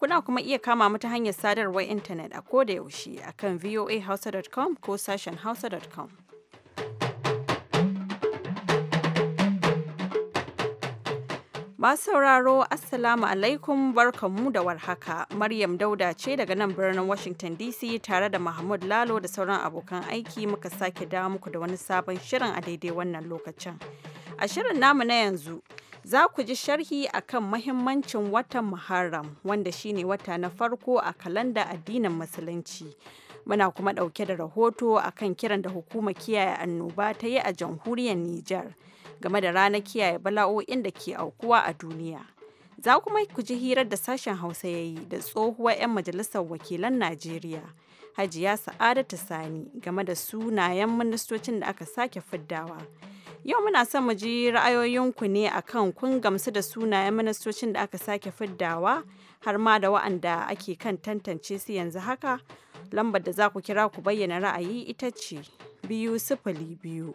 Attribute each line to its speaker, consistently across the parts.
Speaker 1: Kuna kuma iya kama mu ta hanyar sadarwar intanet a koda yaushe a kan voahausa.com ko sashen hausa.com. Ba sauraro Assalamu alaikum barkanmu da warhaka. Maryam Dauda ce daga nan birnin Washington DC tare da Mahmud Lalo da sauran abokan aiki muka sake dawo muku da wani sabon shirin a daidai wannan lokacin. A shirin namu na yanzu, Za ku ji sharhi a kan mahimmancin watan Muharram wanda shine wata na farko a kalanda addinin Musulunci. Muna kuma ɗauke da rahoto akan kiran da hukumar kiyaye annoba ta yi a jamhuriyar Nijar game da ranar kiyaye bala'o'in da ke aukuwa a duniya. Za kuma ku ji hirar da sashen Hausa ya yi da tsohuwar 'yan majalisar wakilan Najeriya. Hajiya Sa'adatu Sani game da sunayen ministocin da aka sake fiddawa. Yau muna son mu ji ra'ayoyinku ne akan kun gamsu da sunayen ministocin da aka sake fiddawa har ma da wa'anda ake kan tantance su yanzu haka. Lambar da za ku kira ku bayyana ra'ayi ita ce biyu sifili biyu,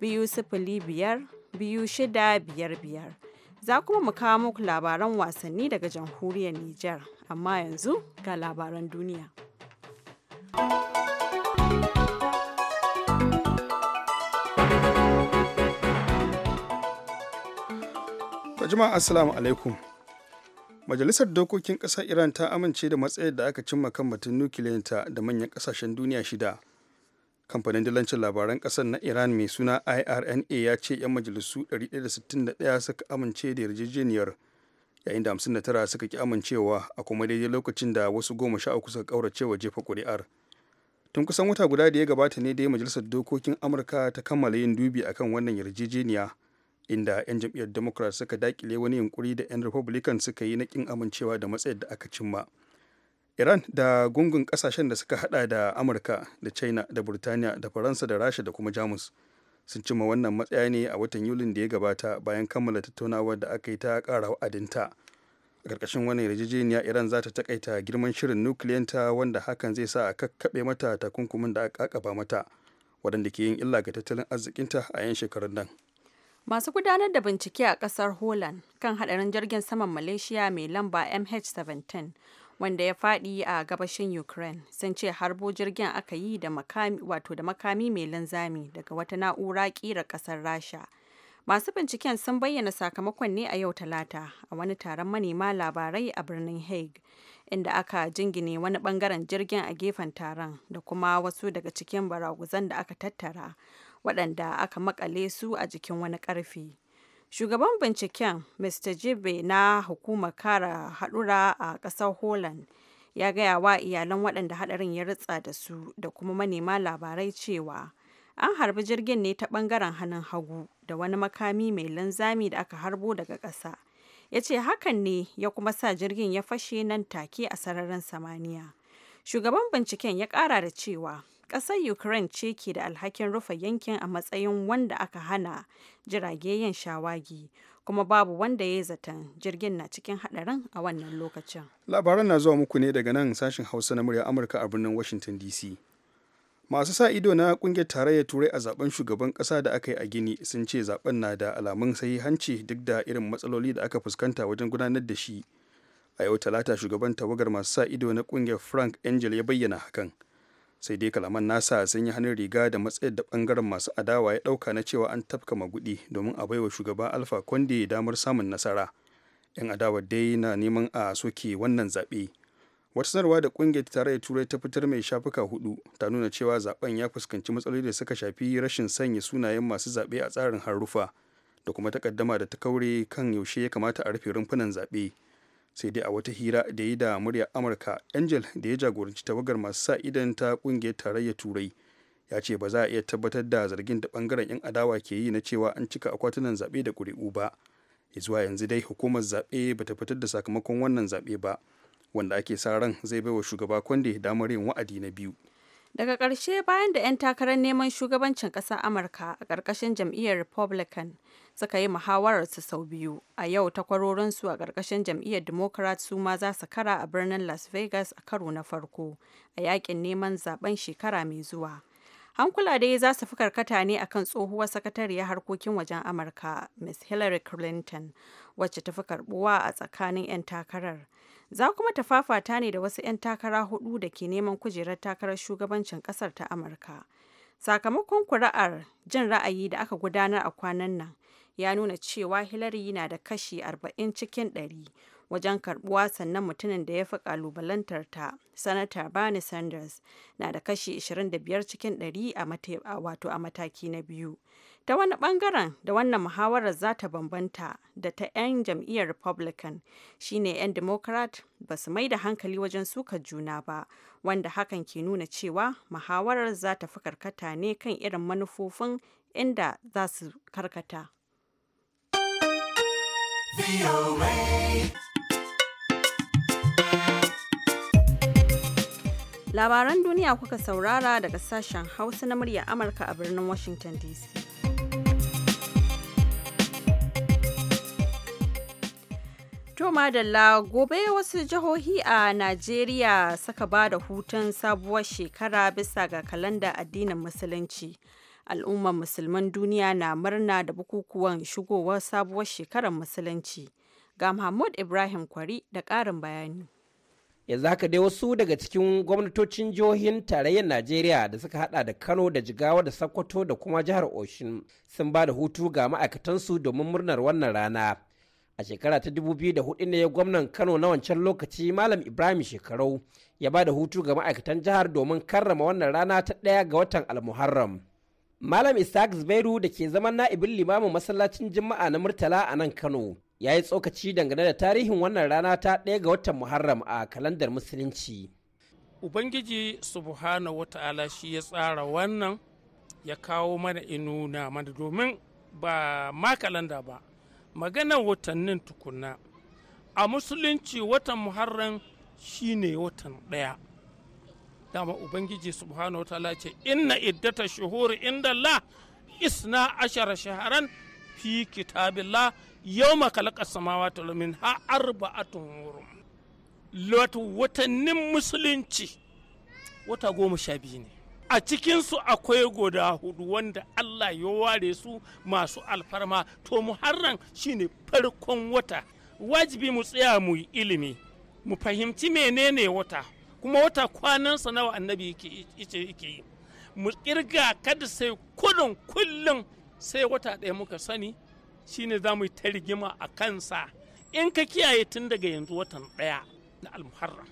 Speaker 1: biyu sifili biyar, biyu shida biyar biyar. Za kuma mu kawo muku labaran wasanni daga jamhuriyar Nijar, amma yanzu ga labaran duniya.
Speaker 2: jama'a assalamu alaikum. Majalisar Dokokin Ƙasar Iran ta amince da matsayar da aka cimma kan batun nukiliyanta da manyan ƙasashen duniya shida. Kamfanin dalancin labaran ƙasar na Iran mai suna IRNA ya ce 'yan majalisu 161 suka amince da yarjejeniyar yayin da tara suka ki amincewa a kuma daidai lokacin da wasu goma sha uku suka kaurace wa jefa ƙuri'ar. Tun kusan wata guda da ya gabata ne dai Majalisar Dokokin Amurka ta kammala yin dubi akan wannan yarjejeniya. inda 'yan jam'iyyar democrat suka dakile wani yunkuri da 'yan republican suka yi na amincewa da matsayar da aka cimma iran da gungun kasashen da suka hada da amurka da china da burtaniya da faransa da rasha da kuma jamus sun cimma wannan matsaya ne a watan yulin da ya gabata bayan kammala tattaunawar da aka yi ta kara wa'adinta a ƙarƙashin wannan yarjejeniya iran za ta takaita girman shirin nukiliyanta wanda hakan zai sa a kakkaɓe mata takunkumin da aka kaba mata waɗanda ke yin illa ga tattalin arzikinta a 'yan shekarun nan
Speaker 1: Masu gudanar da bincike a ƙasar Holland kan haɗarin jirgin saman Malaysia mai lamba MH17 wanda ya faɗi a gabashin Ukraine sun ce harbo jirgin aka yi da makami wato da makami mai linzami daga wata na'ura ƙira ƙasar Rasha. Masu binciken sun bayyana sakamakon ne a yau Talata a wani taron manema labarai a birnin Hague, inda aka jingine wani bangaren jirgin a gefen taron da kuma wasu daga cikin baraguzan da aka tattara waɗanda aka makale su a jikin wani ƙarfi. Shugaban binciken Mr. Jibbe na hukumar kara haɗura a ƙasar Holland ya gaya wa iyalan waɗanda haɗarin ya ritsa da su da kuma manema labarai cewa an harbi jirgin ne ta ɓangaren hannun hagu da wani makami mai linzami da aka harbo daga ƙasa. ya ce hakan ne ya kuma sa jirgin ya fashe nan take a sararin samaniya shugaban binciken ya ƙara da cewa kasar Ukraine ce ke da alhakin rufe yankin a matsayin wanda aka hana jirage yin shawagi. kuma babu wanda ya yi zaton jirgin na cikin hadarin a wannan lokacin.
Speaker 2: Labaran na zuwa muku ne daga nan sashen Hausa na murya Amurka a birnin Washington DC. Masu sa ido na kungiyar tarayyar Turai a zaben shugaban kasa da aka yi a Gini sun ce zaben na da alamun sahihanci duk da irin matsaloli da aka fuskanta wajen gudanar da shi. A yau talata shugaban tawagar masu sa ido na kungiyar Frank Angel ya bayyana hakan. sai dai kalaman nasa sun yi hannun riga da matsayar da bangaren masu adawa ya dauka na cewa an tafka magudi domin a baiwa shugaba alfa konde damar samun nasara yan adawa dai na neman a soke wannan zaɓe wata sanarwa da kungiyar tarayyar turai ta fitar mai shafuka hudu ta nuna cewa zaben ya fuskanci matsaloli da suka shafi rashin sanya sunayen masu zaɓe a tsarin harufa da kuma takaddama da ta kaure kan yaushe ya kamata a rufe rumfunan zaɓe sai dai a wata hira da yi da muryar amurka angel da ya jagoranci tawagar masu sa idan ta kungiyar tarayyar turai ya ce ba za a iya tabbatar da zargin da bangaren 'yan adawa ke yi na cewa an cika akwatunan zaɓe da ƙuri'u ba zuwa yanzu dai hukumar zaɓe ba ta fitar da sakamakon wannan zaɓe ba wanda ake sa ran zai baiwa shugaba kwande damar yin wa'adi na biyu
Speaker 1: daga ƙarshe bayan da 'yan takarar neman shugabancin ƙasar amurka a ƙarƙashin jam'iyyar republican suka yi muhawararsu sau biyu a yau takwarorinsu a ƙarƙashin jam'iyyar democrat su ma za su kara a birnin las vegas a karo na farko a yakin neman zaben shekara mai zuwa hankula dai za su fi karkata ne a kan tsohuwar sakatariyar harkokin wajen amurka miss hillary clinton wacce ta fi karbuwa a tsakanin 'yan takarar za kuma ta fafata ne da wasu 'yan takara hudu da ke neman kujerar takarar shugabancin kasar ta amurka sakamakon kuri'ar jin ra'ayi da aka gudanar a kwanan nan ya nuna cewa Hillary na da kashi 40 cikin 100 wajen karbuwa sannan mutumin da ya fi kalubalantarta ta Bernie Sanders na da kashi 25 cikin 100 wato a mataki na biyu. Ta wani bangaren da wannan muhawarar za ta bambanta da ta 'yan jam'iyyar Republican shine 'yan Democrat ba su mai da hankali wajen suka juna ba, wanda hakan ke nuna cewa muhawarar za ta fi karkata ne kan irin manufofin inda za su karkata. Labaran duniya kuka saurara daga sashen Hausa na murya Amurka a birnin Washington DC. To madalla gobe wasu jihohi a Najeriya saka ba da hutun sabuwar shekara bisa ga kalanda addinin Musulunci. al'ummar musulman duniya na murna da bukukuwan shigowar sabuwar shekarar musulunci ga mahmud ibrahim kwari da karin bayani
Speaker 3: yanzu haka dai wasu daga cikin gwamnatocin jihohin tarayyar najeriya da suka hada da kano da jigawa da sokoto da kuma jihar oshin sun ba da hutu ga ma'aikatansu domin murnar wannan rana a shekara ta 2004 ne gwamnan kano na wancan lokaci malam ibrahim shekarau ya ba da hutu ga ma'aikatan jihar domin karrama wannan rana ta ɗaya ga watan almuharram Malam Isaac Zubairu da ke zaman na'ibin limamin masallacin Juma'a na Murtala a nan Kano ya yi tsokaci dangane da tarihin wannan rana ta ɗaya ga watan Muharram a kalandar Musulunci.
Speaker 4: Ubangiji wa ta'ala shi ya tsara wannan ya kawo mana inuna mana domin ba ma kalanda ba maganar watannin tukuna a musulunci watan muharram shine watan ɗaya dama ubangiji subhanahu wa ta'ala ce inna iddata shuhuri inda Allah isna ashara shaharan fi kitabillah yawma khalaqas samawati wal min ha arba'atun hurum wato watannin musulunci wata goma sha biyu ne a cikinsu akwai guda hudu wanda Allah ya ware su masu alfarma to muharram shine farkon wata wajibi mu tsaya mu yi ilimi mu fahimci menene wata kuma wata kwanansa nawa annabi yake yi mu kirga kada sai kudin kullum sai wata ɗaya muka sani shine za mu yi ta rigima a kansa in ka kiyaye tun daga yanzu watan ɗaya na almuharram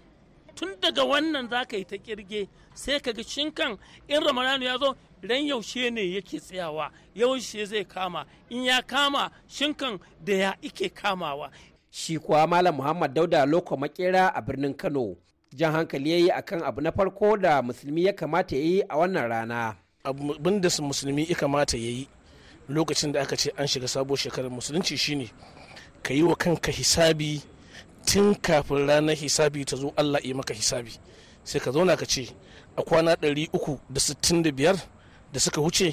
Speaker 4: tun daga wannan za ka yi ta kirge sai ka ga shinkan in ramadanu ya zo ran yaushe ne yake tsayawa yaushe zai kama in ya kama shinkan da ya ike kamawa
Speaker 3: shi kuwa malam muhammad dauda loko makera a birnin kano jan hankali ya yi akan abu na farko da musulmi ya kamata ya yi a wannan rana abin da musulmi ya kamata ya yi lokacin da aka ce an shiga sabuwar shekarar musulunci
Speaker 4: shine ka yi wa kanka hisabi tun kafin ranar hisabi ta zo allah ya maka hisabi sai ka zauna ka ce a kwana 365 da suka wuce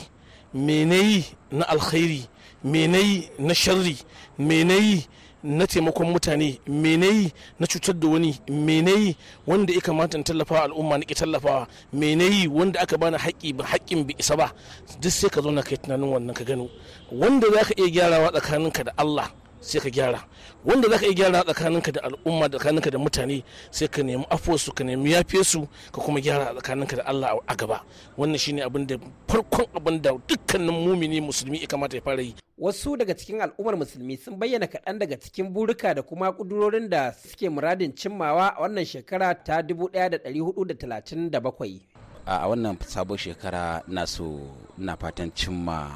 Speaker 4: menayi na alkhairi menayi na sharri menayi na taimakon mutane mene yi na cutar da wani mene yi wanda ya kamata na tallafa al'umma na ke tallafawa mene yi wanda aka bani haƙƙi ba haƙƙin bi isa ba duk sai ka zo na kai tunanin wannan ka gano wanda za ka iya gyarawa tsakaninka da Allah sai ka gyara wanda za ka yi gyara tsakaninka da al'umma tsakaninka da mutane sai ka nemi afosu ka nemi yafe su ka kuma gyara tsakaninka da Allah a gaba wannan shine abin da
Speaker 3: farkon abin da dukkanin mumini musulmi ya kamata ya fara yi wasu daga cikin al'ummar musulmi sun bayyana kaɗan daga cikin burika da kuma kudurorin da suke muradin cimmawa a wannan shekara ta 1437 a wannan sabon shekara na so na fatan cimma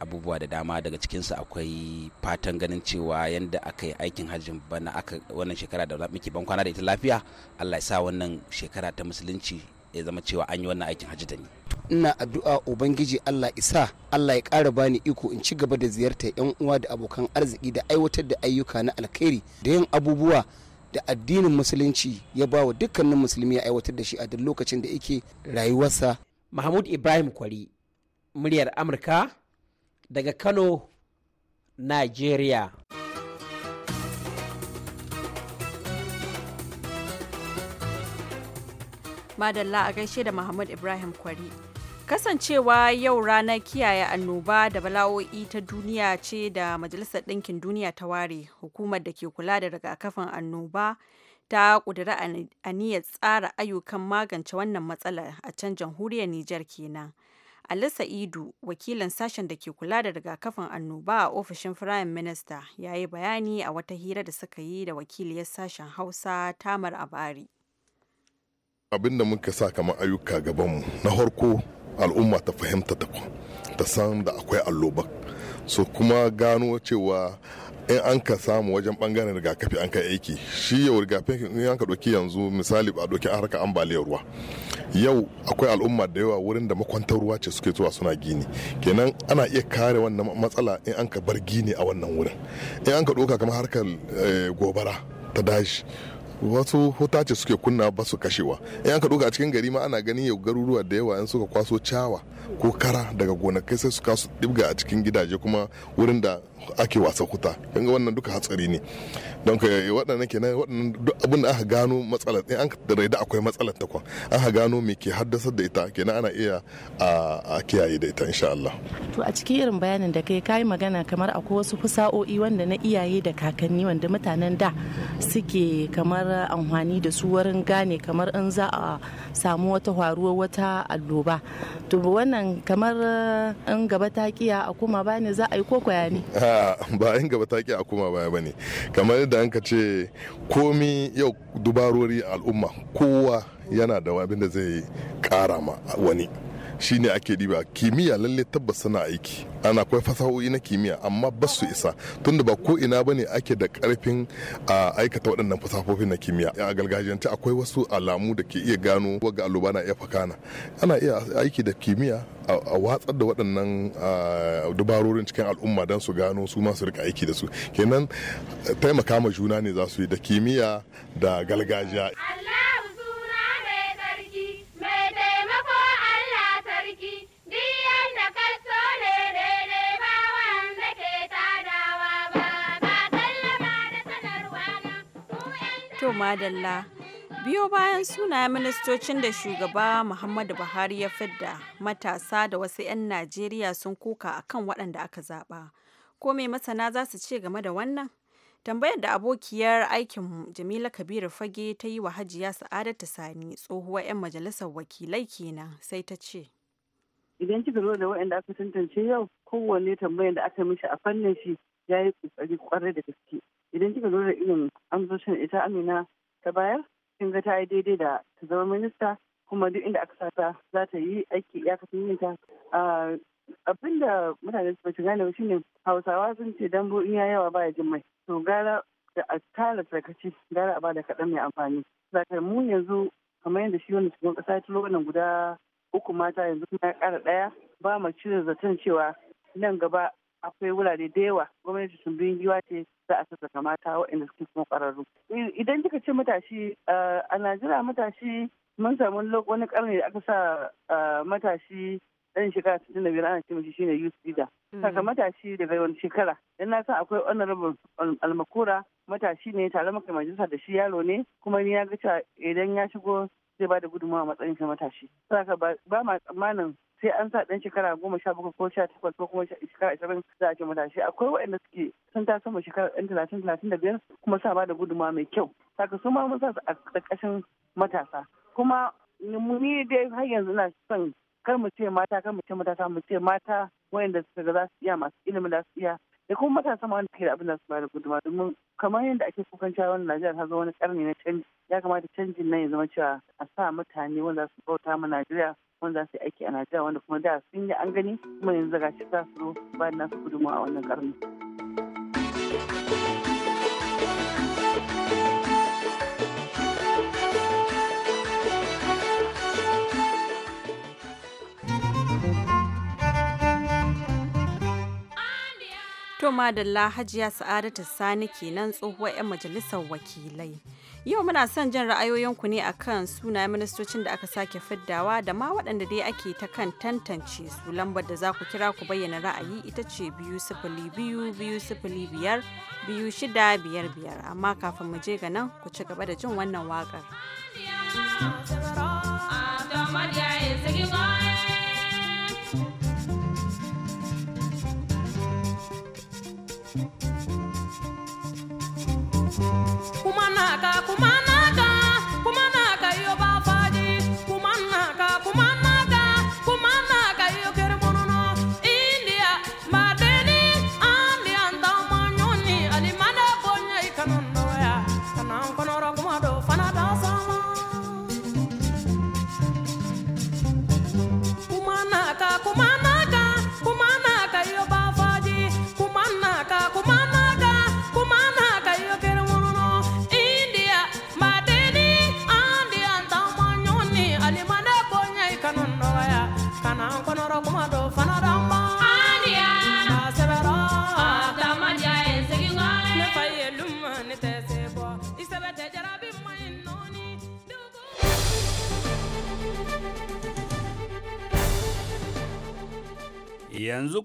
Speaker 3: abubuwa da dama daga cikinsu akwai fatan ganin cewa yadda aka yi aikin hajjin bana aka wannan shekara da muke ban kwana da ita lafiya allah ya sa wannan shekara ta musulunci ya zama cewa an yi wannan aikin hajji da ni ina addu'a
Speaker 5: ubangiji allah isa allah ya ƙara bani iko in ci gaba da ziyartar yan uwa da abokan arziki da aiwatar da ayyuka na alkhairi da yin abubuwa da addinin musulunci ya ba
Speaker 3: wa dukkanin musulmi ya aiwatar da shi a duk lokacin da yake rayuwarsa mahmud ibrahim kwari muryar amurka daga Kano, Nigeria.
Speaker 1: Madalla a gaishe da Muhammad Ibrahim Kwari. Kasancewa yau ranar kiyaye annoba da bala'o'i ta duniya ce da Majalisar Ɗinkin Duniya ta ware, hukumar da ke kula da rigakafin annoba ta ƙudura aniyar tsara ayyukan magance wannan matsala a can jamhuriyar Nijar kenan. Ali Sa'idu, wakilin sashen da ke kula da rigakafin annoba a ofishin Firayim Minista, ya yi bayani a wata hira da suka yi da wakiliyar sashen Hausa Tamar Abari.
Speaker 6: Abin da muka sa kamar ayyuka gabanmu na harko al'umma ta fahimta ta ta san da akwai alloba so kuma gano cewa in an ka samu wajen bangaren rigakafi an ka aiki shi yau rigakafi in an ka ɗauki yanzu misali ba ɗauki harka ambaliyar ruwa yau akwai al'umma da yawa wurin da makwantar ruwa ce suke zuwa suna gini kenan ana iya kare wannan matsala in an ka bar gini a wannan wurin in an ka ɗauka kamar harkar eh, gobara ta dashi wasu huta ce suke kunna ba su kashewa in an ka doka a cikin gari ma ana ganin yau garuruwa da yawa in suka kwaso cawa ko kara daga gonakai sai su kasu dibga a cikin gidaje kuma wurin da ake wasa kuta kan ga wannan duka hatsari ne don ka eh, waɗannan kenan waɗannan duk abin da aka gano matsalar in an da raida akwai matsalar ta kwan ka gano me ke haddasar da ita kenan ana iya a kiyaye da ita insha Allah
Speaker 5: to a cikin irin bayanin da kai kai magana kamar akwai wasu fusa'o'i wanda na iyaye da kakanni wanda mutanen da suke kamar amfani da su wurin gane kamar in za a samu wata faruwar wata alloba to wannan kamar eh, in gaba ta kiya a kuma bani za a yi kokoya ne
Speaker 6: a ba in gaba take a kuma baya bane kamar yadda an ka ce komi yau dubarori al'umma kowa yana da abin da zai kara ma wani shine ake diba kimiyya lalle tabbas suna aiki ana akwai fasahohi na kimiyya amma ba su isa tunda ba ko ina bane ake da karfin a aikata waɗannan fasahohi na kimiyya a gargajiyance akwai wasu alamu da ke iya gano waga alluba na iya fakana ana iya aiki da kimiyya a watsar da waɗannan dubarorin cikin al'umma don su gano su masu rika aiki da su kenan taimaka ma juna ne za su yi da kimiyya da gargajiya.
Speaker 1: To madalla. Biyo bayan sunayen ministocin da shugaba Muhammadu Buhari ya fidda matasa da wasu 'yan Najeriya sun kuka akan waɗanda aka zaɓa. Ko me masana za su ce game da wannan? Tambayar da abokiyar aikin Jamila Kabiru Fage ta yi wa Hajiya
Speaker 7: Sa'adatu Sani tsohuwar 'yan
Speaker 1: majalisar wakilai kenan sai ta ce.
Speaker 7: Idan kika zo da waɗanda aka tantance yau kowanne tambayar da aka mishi a fannin shi ya yi ƙoƙari kwarai da gaske. idan kika lura irin amsoshin ita amina ta bayar kin ga ta yi daidai da ta zama minista kuma duk inda aka sata za ta yi aiki iyakacin yin ta abin da mutane su bace gane shi ne hausawa sun ce dambo in ya yawa baya ya jin mai to gara da a tara tsarkaci gara a bada kaɗan mai amfani zaka mu yanzu kamar yadda shi wani shugaban ƙasa ya tulo wannan guda uku mata yanzu kuma ya ƙara ɗaya ba mu cire zaton cewa nan gaba akwai wurare da yawa gwamnati sun bi giwa ce za a saka mata waɗanda suke kuma ƙwararru. Idan kika ce matashi eh, a Najeriya matashi mun samu wani ƙarni da aka sa eh, matashi ɗan shekara sittin da biyar ana ce mashi shine youth leader. Mm. Saka matashi daga wani shekara. Dan na san akwai honorable almakura matashi ne tare maka majalisa da shi yaro ne kuma ni ya ga cewa idan ya shigo zai ba da gudunmawa matsayin shi matashi. Saka ba ma tsammanin sai an sa ɗan shekara goma sha bakwai ko sha takwas ko kuma shekara ashirin za a ce matashi akwai waɗanda suke sun ta sama shekara ɗan talatin talatin da biyar kuma sa ba da guduma mai kyau saka su ma mun sa su a ƙarƙashin matasa kuma ni dai har yanzu na son kar mu ce mata kar mu ce matasa mu ce mata waɗanda su ga za su iya masu ilimin da su iya da kuma matasa ma wanda ke da abin da su ba da guduma domin kamar yadda ake kukan cewa wannan Najeriya ta zo wani karni na canji ya kamata canjin nan ya zama cewa a sa mutane wanda su bauta ma Najeriya wanda za su yi aiki a Najeriya wanda kuma da sun yi an gani kuma yanzu ga shi za su ba na nasu gudunmawa a wannan karni.
Speaker 1: To madalla Hajiya Sa'adatu Sani kenan tsohuwar 'yan majalisar wakilai. Yau muna son jin ra'ayoyinku ne akan suna ministocin da aka sake fiddawa da ma waɗanda dai ake ta kan tantance su lambar da za ku kira ku bayyana ra'ayi ita ce biyu sifili biyu biyu sifili biyar biyu shida biyar biyar amma kafin mu je ga nan ku ci gaba da jin wannan waƙar.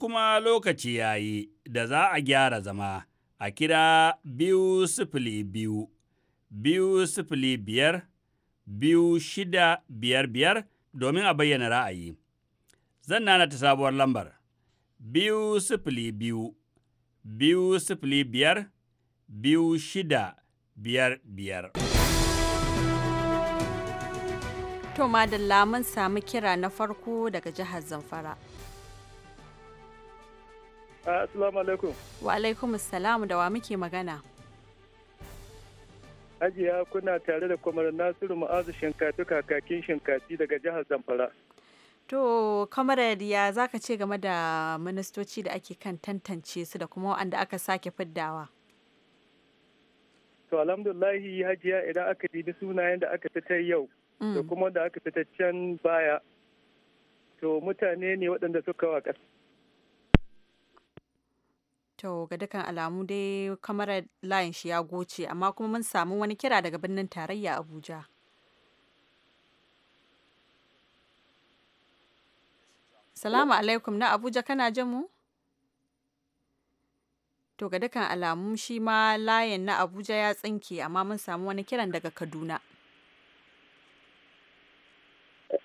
Speaker 2: kuma lokaci ya yi da za a gyara zama a kira biyu sifili biyu, biyu sifili biyar, biyu shida biyar biyar domin a bayyana ra'ayi. Zan nana ta sabuwar lambar, biyu sifili biyu, biyu sifili biyar, biyu shida biyar biyar.
Speaker 1: To madalla mun sami kira na farko daga jihar Zamfara.
Speaker 2: Assalamu alaikum.
Speaker 1: Wa alaikum salam da wa muke magana.
Speaker 2: Hajiya kuna tare da kwamar Nasiru Ma'azu Shinkatu kakakin Shinkati daga jihar Zamfara.
Speaker 1: To, kamarar ya za ka ce game da ministoci da ake kan tantance su da kuma waɗanda aka sake fiddawa?
Speaker 7: To, alhamdulahi hajiya idan aka dibi sunayen da aka fitar yau da mm. kuma da aka fitar can baya. To, mutane ne waɗanda suka wa ƙasa.
Speaker 1: To ga dukkan alamu dai kamarar layin shi ya goce amma kuma mun samu wani kira daga birnin tarayya Abuja. Salamu alaikum na Abuja kana jin mu? To ga dukkan alamu shi ma layin na Abuja ya tsinke amma mun samu wani kiran daga Kaduna.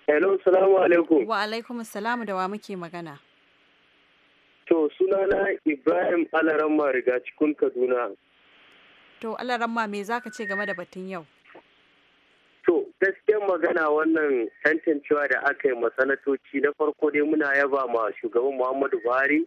Speaker 7: Hello, salamu alaikum.
Speaker 1: Wa alaikum salamu da wa muke magana.
Speaker 7: To sunana Ibrahim Alaramma riga cikin Kaduna.
Speaker 1: To Alaramma me za ka ce game da batun yau?
Speaker 7: To gaskiyar magana wannan tantancewa da aka yi masanatoci na farko dai muna yaba ma shugaban Muhammadu Buhari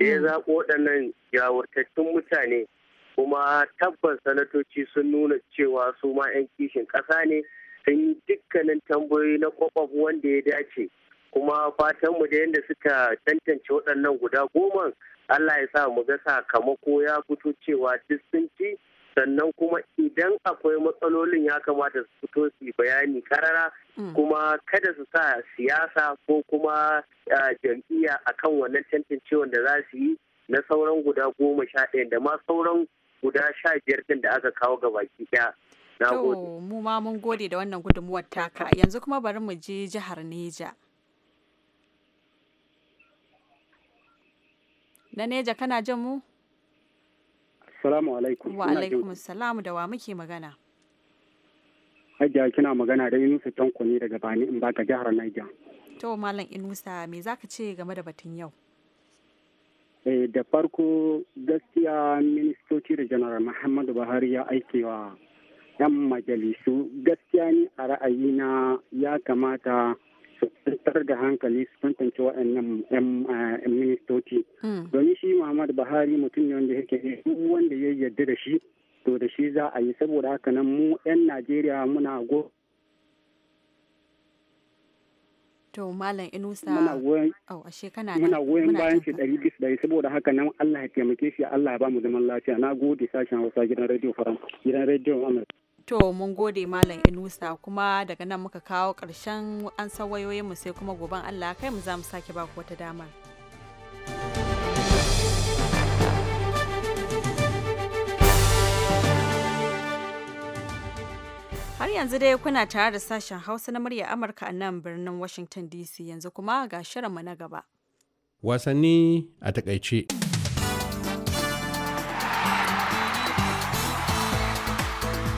Speaker 7: da ya mm. zaɓo waɗannan jawurtattun mutane kuma tabbas sanatoci sun nuna cewa su ma 'yan kishin ƙasa ne sun yi dukkanin tambayoyi na kwakwabu wanda ya dace. kuma fatanmu da yadda suka tantance waɗannan guda goma Allah ya sa mu ga sakamako ya fito cewa duk sun ci sannan kuma idan akwai matsalolin ya kamata su fito su bayani karara mm. kuma kada su sa siyasa ko kuma jam'iyya akan wannan tantancewan da za su yi na sauran guda goma sha ɗaya da ma sauran guda sha biyar ɗin da aka kawo ga baki ɗaya. To,
Speaker 1: mu ma mun gode da wannan gudunmuwar taka yanzu kuma bari mu je jihar Neja. Na Neja kana jin mu?
Speaker 7: Assalamu alaikum. Wa alaikum
Speaker 1: assalamu da wa muke magana.
Speaker 7: Hajiya kina magana da Yunusa Tanko ne daga Bani in baka jihar Niger.
Speaker 1: To Malam Inusa me zaka ce game da batun yau?
Speaker 7: Eh da farko gaskiya ministoci da Janar Muhammadu Buhari ya wa 'yan majalisu gaskiya ni a ra'ayina ya kamata su da hankali su tantance waɗannan 'yan ah, ministoci. Hmm. Domin shi Muhammad Buhari mutum ne wanda yake wanda ya yarda da shi to da shi za a yi saboda haka nan mu 'yan Najeriya muna go.
Speaker 1: To Malam Inusa
Speaker 7: au oh, ashe kana muna goyon bayan shi ɗari bisu ɗari saboda haka nan Allah ya taimake shi Allah ya ba mu zaman lafiya na gode sashen Hausa gidan Radio Faransa gidan Radio Amurka.
Speaker 1: To mun gode Malam Inusa kuma daga nan muka kawo ƙarshen an san wayoyinmu sai kuma gobe Allah kai mu za mu sake ku wata damar. Har yanzu dai kuna tare da sashen Hausa na murya Amurka a nan birnin Washington DC yanzu kuma ga shirinmu na gaba.
Speaker 5: Wasanni a takaice.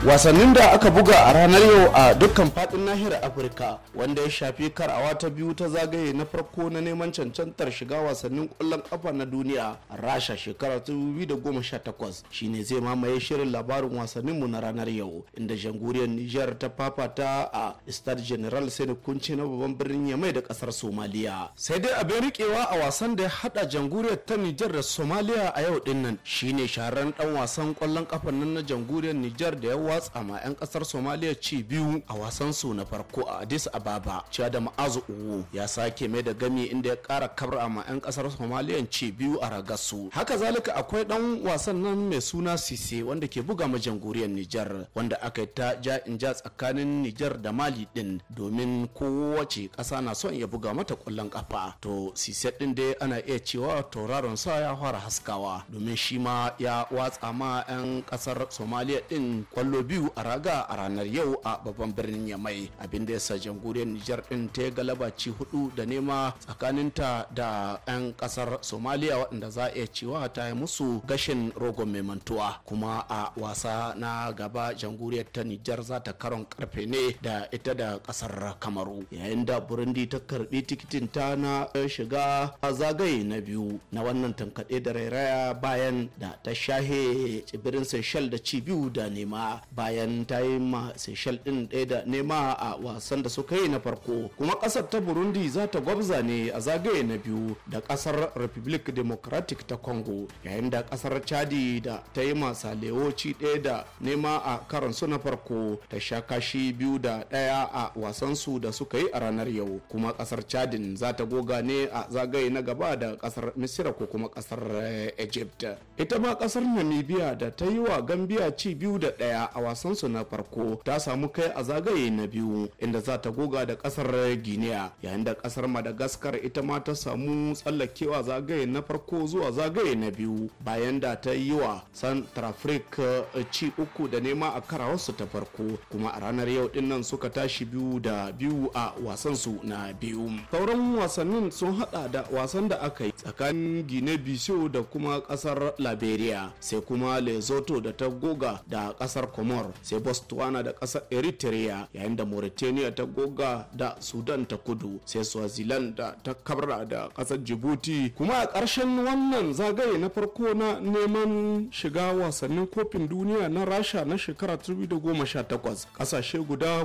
Speaker 5: wasannin da aka buga a ranar yau a dukkan fadin nahiyar afirka wanda ya shafi karawa ta biyu ta zagaye na farko na neman cancantar shiga wasannin kwallon kafa na duniya a rasha shekarar 2018 shine zai mamaye shirin labarin wasanninmu na ranar yau inda janguriyar nijar ta fafata a star general sai kunci na babban birnin yamai da kasar somaliya sai dai abin rikewa a wasan da ya hada janguriyar ta nijar da somaliya a yau dinnan shine shahararren dan wasan kwallon kafa nan na janguriyar niger da yawa watsa ma 'yan kasar somaliya ci biyu a wasan su na farko a addis ababa cewa da ma'azu uwu ya sake mai da gami inda ya kara kabra ma 'yan kasar somaliya ci biyu a ragasu haka zalika akwai dan wasan nan mai suna sise wanda ke buga ma jamhuriyar nijar wanda aka ta ja in ja tsakanin nijar da mali din domin kowace kasa na son ya buga mata kwallon kafa to sise din dai ana iya cewa tauraron sa ya fara haskawa domin shi ma ya watsa ma 'yan kasar somaliya din kwallo biyu a raga a ranar yau a babban birnin yamai abinda ya sa jamhuriyar nijar din ta galaba ci hudu da nema tsakaninta da 'yan kasar somaliya waɗanda za a iya cewa ta yi musu gashin rogon mai mantuwa kuma a wasa na gaba jamhuriyar ta nijar za ta karon karfe ne da ita da kasar kamaru yayin da burundi ta karbi tikitin ta na shiga a zagaye na biyu na wannan tankaɗe da rairaya bayan da ta shahe tsibirin seychelles da ci biyu da nema bayan ta yi ma Seychelles ɗin ɗaya da nema a wasan da suka yi na farko kuma ƙasar ta Burundi za ta gwabza ne a zagaye na biyu da ƙasar Republic Democratic ta Congo yayin da ƙasar Chadi da ta yi ma Salewoci ɗaya da nema a karan su na farko ta sha kashi biyu da ɗaya a wasan su da suka yi a ranar yau kuma ƙasar Chadin za ta goga ne a zagaye na gaba da ƙasar Misira ko kuma ƙasar eh, Egypt ita ma ƙasar Namibia da ta yi wa Gambia ci biyu da ɗaya a wasansu na farko ta samu kai a zagaye na biyu inda za ta goga da kasar guinea yayin da kasar madagascar ita ma ta samu tsallakewa zagaye na farko zuwa zagaye na biyu bayan da ta yi wa san trafric eh, ci uku da nema a karawarsu ta farko kuma a ranar yau dinnan suka tashi biyu da biyu a wasansu na biyu sauran wasannin sun hada da wasan da aka yi tsakanin guinea bishiyu da kuma kasar liberia sai kuma lesotho da ta goga da kasar comor sai botswana da ƙasar eritrea yayin da mauritania ta goga da sudan ta kudu sai swaziland ta kabra da ƙasar djibouti kuma a ƙarshen wannan zagaye na farko na neman shiga wasannin kofin duniya na rasha na shekara 2018 ƙasashe guda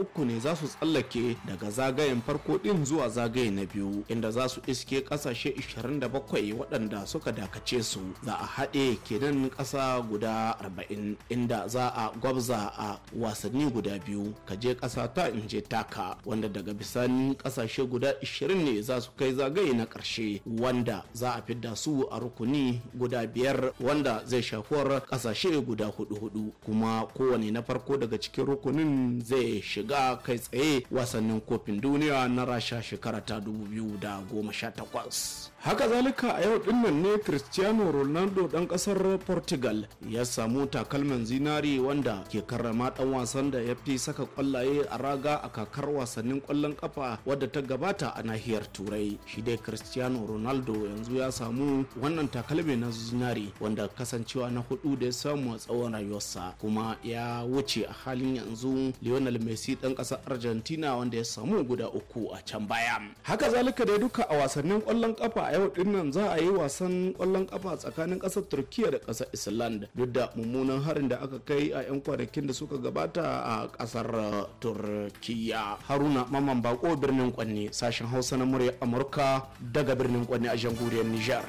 Speaker 5: uku ne za su tsallake daga zagayen farko ɗin zuwa zagaye na biyu inda za su iske ƙasashe 27 waɗanda suka dakace su za a haɗe kenan ƙasa guda 40 inda za a a gwabza a wasanni guda biyu ka je kasa ta in je taka wanda daga bisani kasashe guda 20 ne za su kai zagaye na karshe wanda za a fidda su a rukuni guda biyar wanda zai shafuwar ƙasashe guda hudu hudu kuma kowane na farko daga cikin rukunin zai shiga kai tsaye wasannin kofin duniya na rasha shekara ta 2018 haka zalika a yau dinnan ne cristiano ronaldo dan kasar portugal ya samu takalman zinari wanda ke karrama dan wasan da ya fi saka kwallaye a raga a kakar wasannin kwallon kafa wadda ta gabata a nahiyar turai shi dai cristiano ronaldo yanzu ya samu wannan takalmi na zinari wanda kasancewa na hudu da ya samu a tsawon rayuwarsa kuma ya wuce a halin yanzu lionel messi dan kasar argentina wanda ya samu guda uku a can baya haka zalika dai duka a wasannin kwallon kafa a yau dinnan za a yi wasan kwallon kafa tsakanin kasar turkiya da kasar island duk da mummunan harin da aka kai a 'yan kwanakin da suka gabata a kasar uh, turkiya haruna maman bako birnin kwanne sashen hausa na murya amurka daga birnin kwanne a jamhuriyar nijar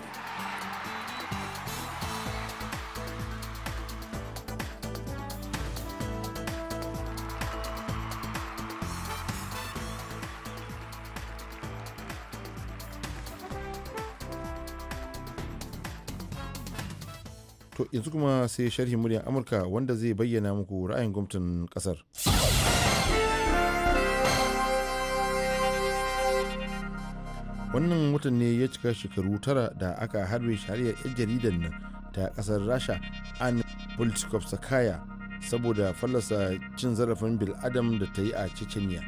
Speaker 8: To yanzu kuma sai sharhin muryar Amurka wanda zai bayyana muku ra'ayin gwamnatin kasar. Wannan watan ne ya cika shekaru tara da aka harbe shari'ar 'yan jaridan nan ta kasar Rasha an sakaya saboda fallasa cin zarafin bil'adam da ta yi a Chechnya.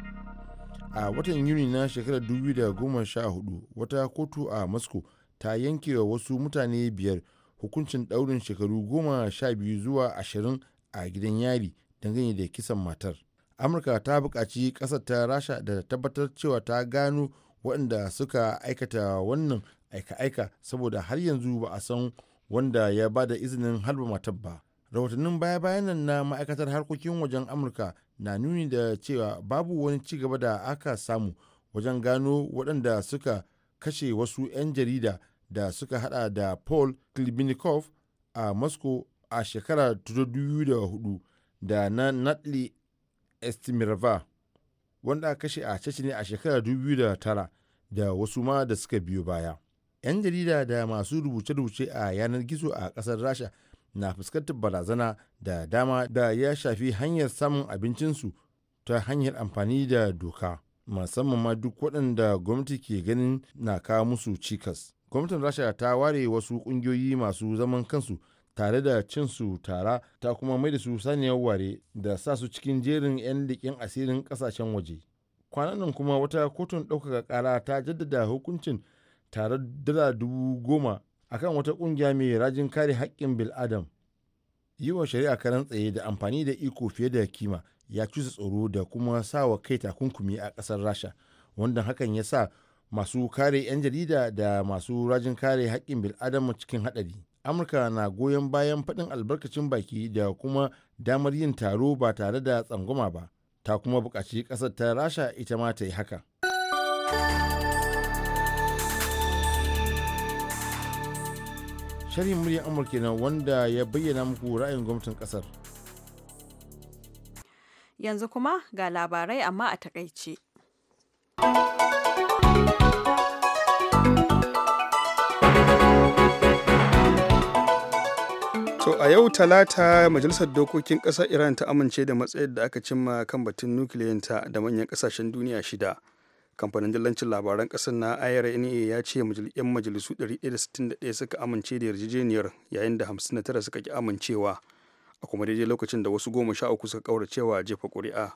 Speaker 8: A watan Yuni na shekarar 2014 wata kotu a Moscow ta yanke wa wasu mutane biyar hukuncin ɗaurin shekaru goma sha biyu zuwa ashirin a gidan yari dangane da kisan matar amurka ta buƙaci ƙasar ta rasha da tabbatar cewa ta gano waɗanda suka aikata wannan aika-aika saboda har yanzu ba a san wanda ya ba da izinin halba matar ba rahotannin baya-bayan nan na ma'aikatar harkokin wajen amurka na nuni da cewa babu wani ci gaba da aka samu wajen gano waɗanda suka kashe wasu 'yan jarida da suka hada da paul klibinikov a moscow a shekara 2004 da na natli estimirva wanda kashe a ne a shekara 2009 da wasu ma da suka biyo baya 'yan jarida da masu rubuce-rubuce a yanar gizo a kasar rasha na fuskantar barazana da dama da ya shafi hanyar samun abincinsu ta hanyar amfani da doka musamman ma duk waɗanda gwamnati ke ganin na kawo musu cikas gwamnatin rasha ta ware wasu kungiyoyi masu zaman kansu tare da cin su tara ta kuma mai da su saniyar ware da sa su cikin jerin 'yan likin asirin kasashen waje kwanan nan kuma wata kotun ɗaukaka kara ta jaddada hukuncin tare dala dubu goma akan wata ƙungiya mai rajin kare haƙƙin bil'adam yi wa shari'a karan tsaye da amfani da iko fiye da kima ya cusa tsoro da kuma sawa kai takunkumi a ƙasar rasha wanda hakan ya sa masu kare 'yan jarida da masu rajin kare haƙƙin bil'adama cikin haɗari. Amurka na goyon bayan faɗin albarkacin baki da kuma damar yin taro ba tare da tsangwama ba, ta kuma buƙaci ƙasar ta Rasha ita ma ta yi haka. Sharhin muryar Amurka na wanda ya bayyana muku ra'ayin gwamnatin ƙasar.
Speaker 1: Yanzu kuma ga labarai amma a takaice.
Speaker 2: To a yau talata majalisar dokokin ƙasar Iran ta amince da matsayar da aka cimma kan batun nukiliyanta da manyan ƙasashen duniya shida. Kamfanin dillancin labaran ƙasar na IRNA ya ce yan majalisu 161 suka amince da yarjejeniyar yayin da 59 suka ki amincewa. A kuma daidai lokacin da wasu goma sha uku suka ƙauracewa jefa ƙuri'a.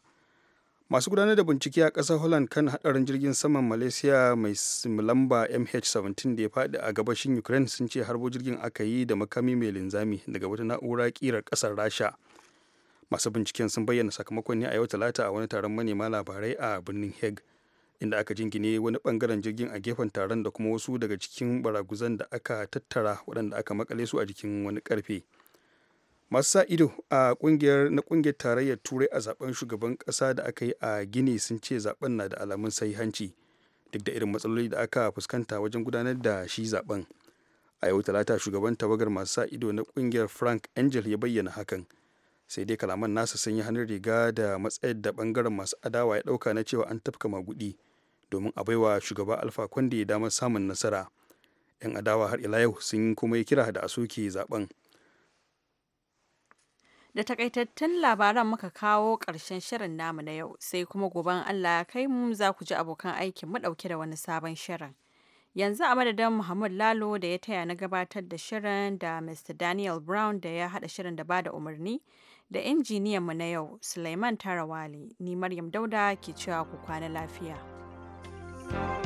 Speaker 2: masu gudanar da bincike a ƙasar holland kan hadarin jirgin saman malaysia mai lamba mh17 da ya faɗi a gabashin ukraine sun ce harbo jirgin aka yi da makami mai linzami daga wata na'ura ƙirar kasar rasha masu binciken sun bayyana sakamakon ne a yau talata a wani taron manema labarai a birnin hague inda aka jingine wani bangaren jirgin a gefen taron da kuma wasu daga cikin baraguzan da aka tattara waɗanda aka makale su a jikin wani karfe masu sa ido a kungiyar na kungiyar tarayyar turai a zaben shugaban kasa da aka yi a gini sun ce zaben na da alamun sai hanci duk da irin matsaloli da aka fuskanta wajen gudanar da shi zaben a yau talata shugaban tawagar masu sa ido na kungiyar frank angel ya bayyana hakan sai dai kalaman nasa sun yi hannun riga da matsayar da bangaren masu adawa ya dauka na cewa an tafka magudi domin a baiwa shugaba alfa kwande damar samun nasara yan adawa har ila yau sun kuma ya kira da a soke zaben
Speaker 1: Da takaitattun labaran muka kawo ƙarshen shirin namu na yau sai kuma goben Allah ya kai mu za ku ji abokan aikin mu ɗauke da wani sabon shirin. Yanzu a madadin Muhammad Lalo da ya taya na gabatar da shirin da Mr. Daniel Brown da ya haɗa shirin da ba da umarni da injiniyan mu na yau Suleiman Tarawali ni Maryam Dauda ke cewa ku kwana lafiya. thank you